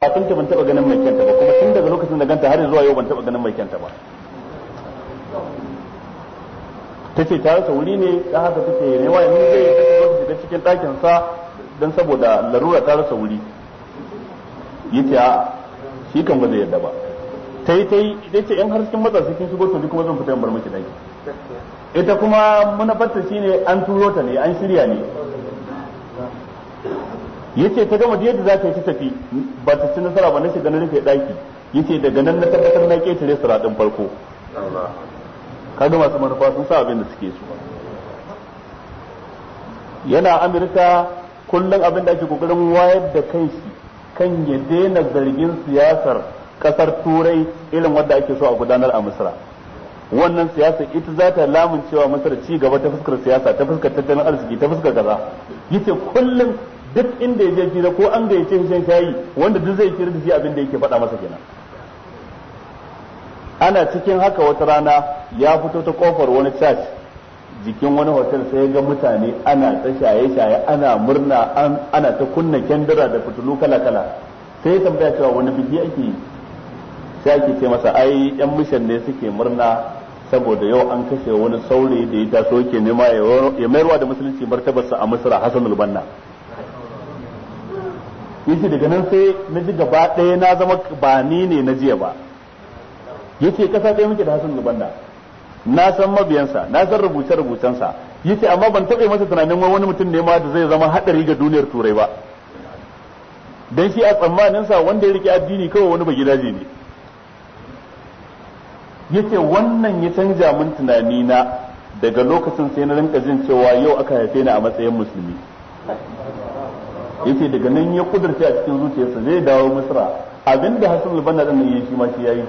kafin ta ban taba ganin mai kyanta ba kuma tun daga lokacin da ganta har zuwa yau ban taba ganin mai kyanta ba ta ce ta rasa wuri ne ta haka take ne wa yanzu zai yi ta cikin ɗakin sa don saboda larura ta rasa wuri yi ta shi kan ba zai yarda ba ta yi ta yi ita ce yan har cikin matsa cikin shigo to kuma zan fita in bar miki ɗaki ita kuma munafarta shi ne an turo ta ne an shirya ne yace ta gama yadda za ta yi tafi ba ta ci nasara ba na shiga na rufe daki yace daga nan na tabbatar na ketare sura din farko kaga masu manufa sun sa abin da suke so yana amurka kullum abin da ake kokarin wayar da kai shi kan ya daina zargin siyasar kasar turai irin wadda ake so a gudanar a misra wannan siyasa ita za ta lamun cewa masar ci gaba ta fuskar siyasa ta fuskar tattalin arziki ta fuskar gaza yace kullum duk inda ya je fira ko an gayyace shi shan shayi wanda duk zai fira da shi abinda da yake faɗa masa kenan ana cikin haka wata rana ya fito ta kofar wani church jikin wani hotel sai ga mutane ana ta shaye-shaye ana murna ana ta kunna kyandira da fitilu kala-kala sai ya tambaya cewa wani biki ake yi sai ake ce masa ai yan mishan ne suke murna saboda yau an kashe wani saurayi da ya taso ke nema ya mayarwa da musulunci martabarsa a misra hasanul banna yace daga nan sai na ji gaba ɗaya na zama ba ni ne na jiya ba yace kasa ɗaya muke da da Lubanna na san mabiyansa na san rubuce rubucensa yace amma ban taɓa masa tunanin wani mutum ne ma da zai zama haɗari ga duniyar turai ba dan shi a tsammanin sa wanda ya rike addini kawai wani bagidaje ne yace wannan ya canja min tunani na daga lokacin sai na rinka jin cewa yau aka haife ni a matsayin musulmi yace daga nan ya kudurce a cikin zuciyarsa zai dawo misra abinda hasan al-banna din yayi shi ma shi yayi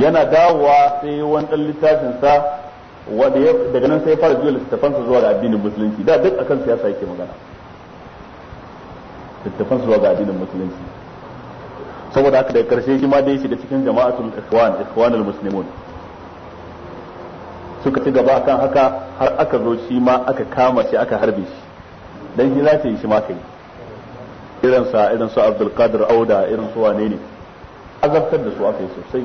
yana dawowa sai wani dan littafin sa wanda daga nan sai fara jiya sa zuwa ga addinin musulunci da duk akan siyasa yake magana sa zuwa ga addinin musulunci saboda haka daga karshe shi ma dai shiga cikin jama'atul ikhwan ikhwanul muslimun suka ci gaba akan haka har aka zo shi ma aka kama shi aka harbe shi dan shi za yi shi ma kai irin sa irin su Abdul Qadir Auda irin su wane ne azabtar da su aka yi sosai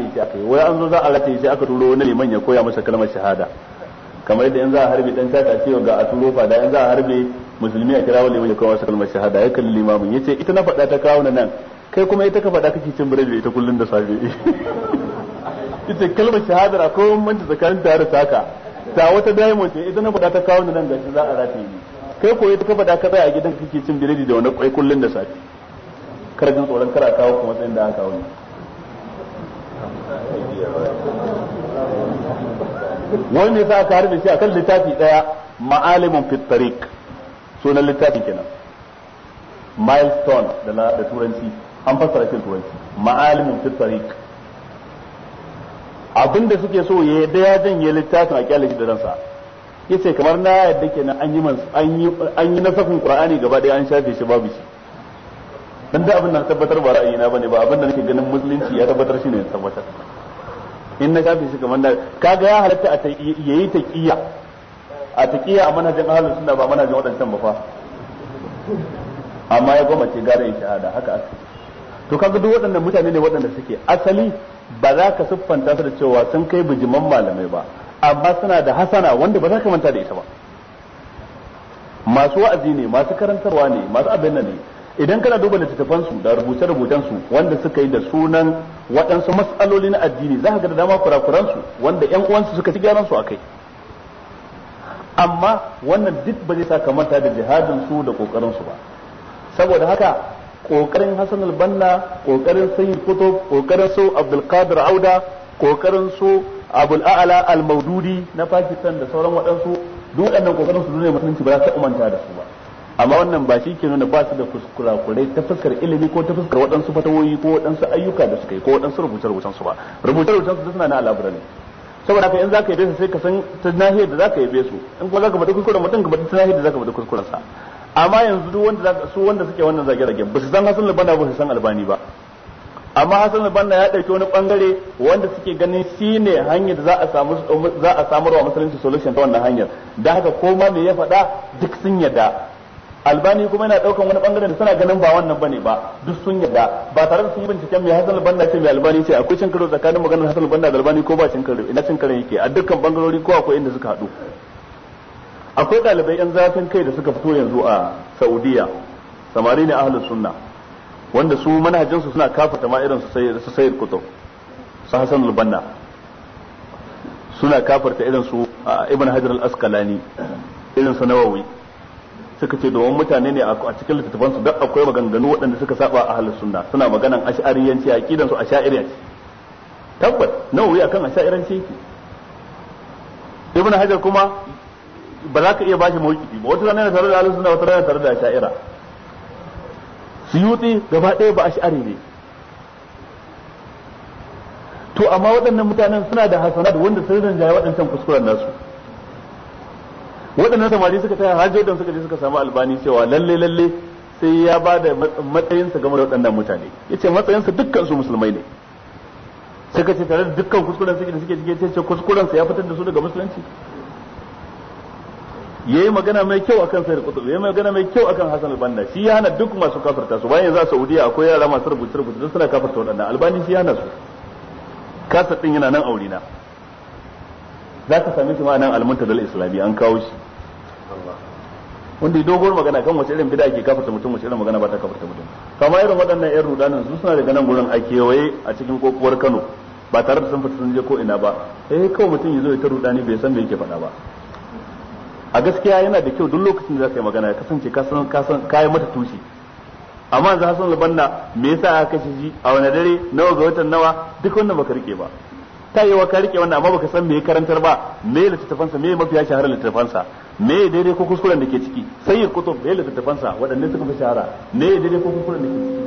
yi shi aka yi wai an zo za a rataye shi aka turo wani liman ya koya masa kalmar shahada kamar yadda in za a harbe dan tata cewa ga a turo fada in za a harbe musulmi a kira wani ya koya masa kalmar shahada ya kalli limamin yace ita na faɗa ta kawo nan kai kuma ita ka faɗa kake cin biredi ita kullun da safe ita kalmar shahadar akwai bambanci tsakanin ta da saka ta wata daimon ce idan na faɗa ta kawo ni nan gashi za a rataye ni kai koyi ta faɗa ka tsaya a gidan kake cin biredi da wani kwai kullun da safe kar jin tsoron kara kawo kuma tsayin da aka wani wani. wani sa aka harbe shi akan littafi daya ma'alimun fit sunan littafin kenan milestone da turanci an fassara shi turanci ma'alimun fit Abin da suke so ya yadda ya janye littafin a kyale shi da ransa yace kamar na yadda kenan an yi an yi an yi nasakun qur'ani gaba daya an shafe shi babu shi dan da abin nan tabbatar ba ra'ayi na bane ba abin da nake ganin musulunci ya tabbatar shi ne ya tabbatar in na shafe shi kamar da kaga ya halatta a yayi taqiya a taqiya a manhajin ahlus sunna ba manhajin wadancan ba fa amma ya gwamace gare shahada haka aka to kaga duk waɗannan mutane ne waɗanda suke asali ba za ka siffanta su da cewa sun kai bijiman malamai ba amma suna da hasana wanda ba za ka manta da ita ba masu wa'azi ne masu karantarwa ne masu abin ne idan kana duba littattafan su da rubuce rubutan su wanda suka yi da sunan waɗansu matsaloli na addini za ka ga da dama kurakuran su wanda ƴan uwansu suka ci gyaran su akai amma wannan duk ba zai sa ka manta da jihadin su da kokarin su ba saboda haka kokarin Hassan al-Banna kokarin Sayyid Qutb kokarin su Abdul Qadir Auda kokarin su Abul A'la al-Maududi na Pakistan da sauran waɗansu duk waɗannan kokarin su ne mutunci ba za ta umanta da su ba amma wannan ba shi ke nuna ba su da kuskurakurai ta fuskar ilimi ko ta fuskar waɗansu fatawoyi ko waɗansu ayyuka da suka yi ko waɗansu rubuce rubucen su ba rubuce rubucen su suna na al'abrani saboda haka in zaka yi su sai ka san ta nahiyar da zaka yi su in kuma zaka bada kuskuren mutum ka bada ta nahiyar da zaka bada kuskuren sa amma yanzu duk wanda su wanda suke wannan zage zage ba su san al Albana ba su san Albani ba amma Hassan Albana ya dauki wani bangare wanda suke ganin shine hanyar da za a samu um, za a samarwa musulunci solution ta wannan hanyar da haka ko ma me ya faɗa duk sun yadda albani kuma yana daukan wani bangare da suna ganin ba wannan bane ba duk sun yadda ba tare da sun yi binciken mai hasan banna ce mai albani ce akwai cin karo tsakanin maganar hasan banna da albani ko ba cin karo ina cin karo yake a dukkan bangarori ko akwai inda suka haɗu akwai ɗalibai 'yan zafin kai da suka fito yanzu a saudiya samari ne ahalus sunna wanda su manhajinsu suna kafata ma irin su sayar kutub su hasan albanna suna kafarta irin su ibn hajar al-asqalani irin su nawawi suka ce domin mutane ne a cikin littattafan su duk akwai maganganu waɗanda suka saba a ahlus sunna suna maganan ash'ariyanci aqidan su ash'ariyanci tabbat nawawi akan ash'ariyanci yake ibn hajar kuma ba za ka iya bashi mawukiti ba wata rana yana tare da alisu na wata rana tare da asha'ira suyuti gaba ɗaya ba a ari ne to amma waɗannan mutanen suna da hasanat wanda sun rinjaye waɗancan kuskuren nasu waɗannan samari suka taya har jordan suka je suka samu albani cewa lalle lalle sai ya ba da matsayinsa game da waɗannan mutane ya ce matsayinsa dukkan su musulmai ne suka ce tare da dukkan kuskuren suke da suke cike ce kuskuren sa ya fitar da su daga musulunci yayi magana mai kyau akan sayyid kutubu yayi magana mai kyau akan hasan al-banna shi ya hana duk masu kafirta su bayan za saudiya akwai yara masu rubutu duk suna kafirta wadannan albani shi ya hana su kasa din yana nan aure na za ka same shi ma nan al-muntadal islami an kawo shi wanda ya dogon magana kan wace irin bid'a ake kafirta mutum wace irin magana ba ta kafirta mutum Kama irin waɗannan yan rudanin su suna daga nan gurin a kewaye a cikin kokowar Kano ba tare da sun fita sun je ko ina ba eh kawai mutum ya zo ya ta rudani bai san me yake faɗa ba a gaskiya yana da kyau duk lokacin da ka yi magana ya kasance ka san ka san kai mata tushi amma yanzu Hassan Labanna me yasa aka kashe shi a wani dare nawa ga watan nawa duk wannan baka rike ba ta yi wa ka rike wannan amma baka san me karantar ba me sa me mafiya shahara sa me daidai ko kuskuren da ke ciki sai ya kutub me sa waɗanne suka fi shahara me daidai ko kuskuren da ke ciki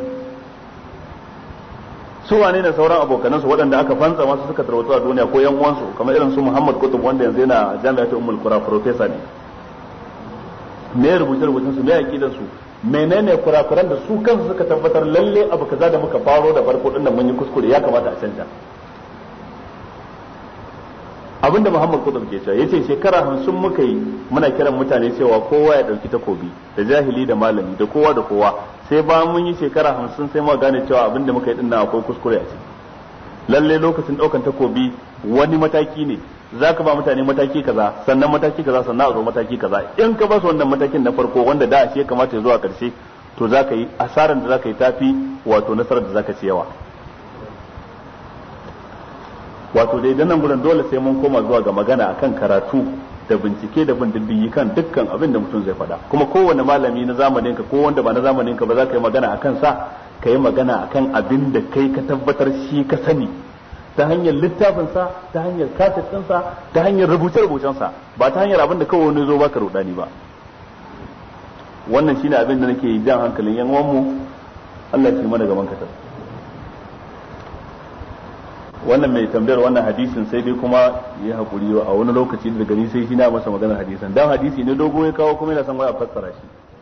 su wane ne sauran abokanansu waɗanda aka fansa masu suka tarwatsu a duniya ko yan uwansu kamar irin su Muhammad Kutub wanda yanzu yana jami'ar umul kura profesa ne me rubuce rubutun su me aqidan su menene kurakuran da su kansu suka tabbatar lalle abu kaza da muka faro da farko din mun yi kuskure ya kamata a canja abinda Muhammad Kutub ke cewa yace shekara hamsin muka yi muna kiran mutane cewa kowa ya dauki takobi da jahili da malami da kowa da kowa sai ba mun yi shekara hamsin sai mu gane cewa abin da muka yi din akwai kuskure a ciki lalle lokacin daukan takobi wani mataki ne za ka ba mutane mataki kaza sannan mataki kaza sannan a zo mataki kaza in ka ba su wannan matakin na farko wanda da ashe kamata ya zuwa karshe to za ka yi asarar da za ka yi tafi wato nasarar da za ka ci yawa wato dai nan gudan dole sai mun koma zuwa ga magana akan karatu da bincike da bin diddigi kan dukkan abin da mutum zai faɗa kuma kowane malami na zamanin ka ko wanda ba na zamanin ka ba za ka yi magana akan sa ka yi magana akan abin da kai ka tabbatar shi ka sani ta hanyar littafin sa ta hanyar kaset sa ta hanyar rubuce rubucen sa ba ta hanyar abin da kawai wani zo baka rudani ba wannan shine abin da nake jan hankalin yan uwan mu Allah ya ci mana gaban wannan mai tambayar wannan hadisin sai dai kuma ya hakuri a wani lokaci daga ni sai shi na masa maganar hadisin dan hadisi ne dogo ya kawo kuma yana son wai a fassara shi